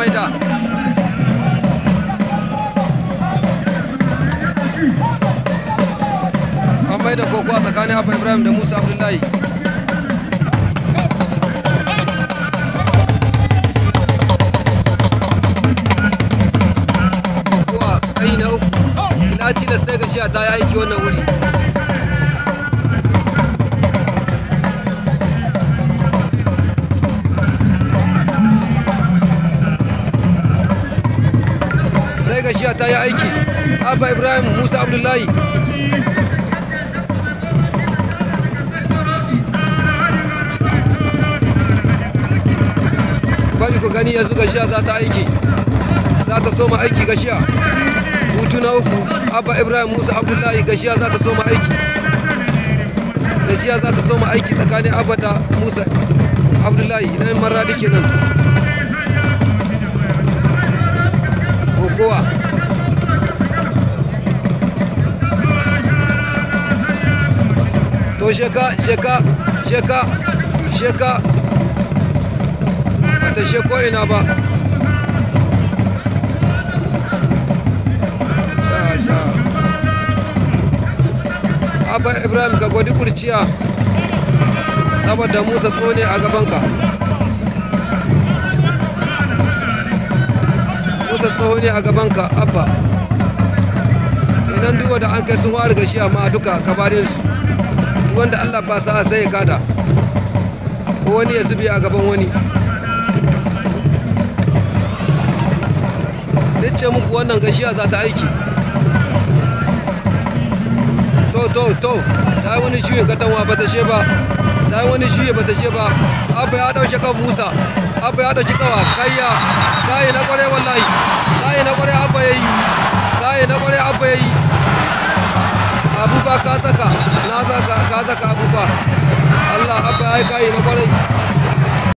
maida an maida kokowa tsakanin abba ibrahim da musa abdullahi kokowa kai na uku ina da sai ga shi ta yi aiki wannan wuri sai ga shiya ta yi aiki abba ibrahim musa abdullahi bari ku gani yanzu ga shiya za ta aiki za ta soma aiki ga shiya hutu na uku abba ibrahim musa abdullahi ga shiya za ta soma aiki ga shiya za ta soma aiki tsakanin abba da musa abdullahi na yin maradi kenan GK, to GK, sheka sheka sheka bata sheko ina ba abba ibrahim ka gwadi kurciya saboda musa Sônia, a gabanka musa tsoho ne a gaban ka abba kenan duk wanda an kai sun ware gashi amma duka kabarin su duk wanda Allah ba sa sai ya kada ko wani ya zubi a gaban wani ce muku wannan gashiya za ta aiki to to to ta yi wani shuye katanwa ba ta she ba ta yi wani shuye ba ta she ba abu ya ɗauke kan musa abu ya ɗauke kawa kayya kayya abba yayi kai na kwarai abba yayi abuba ka saka na saka ka saka abuba Allah abba yayi kai na kwarai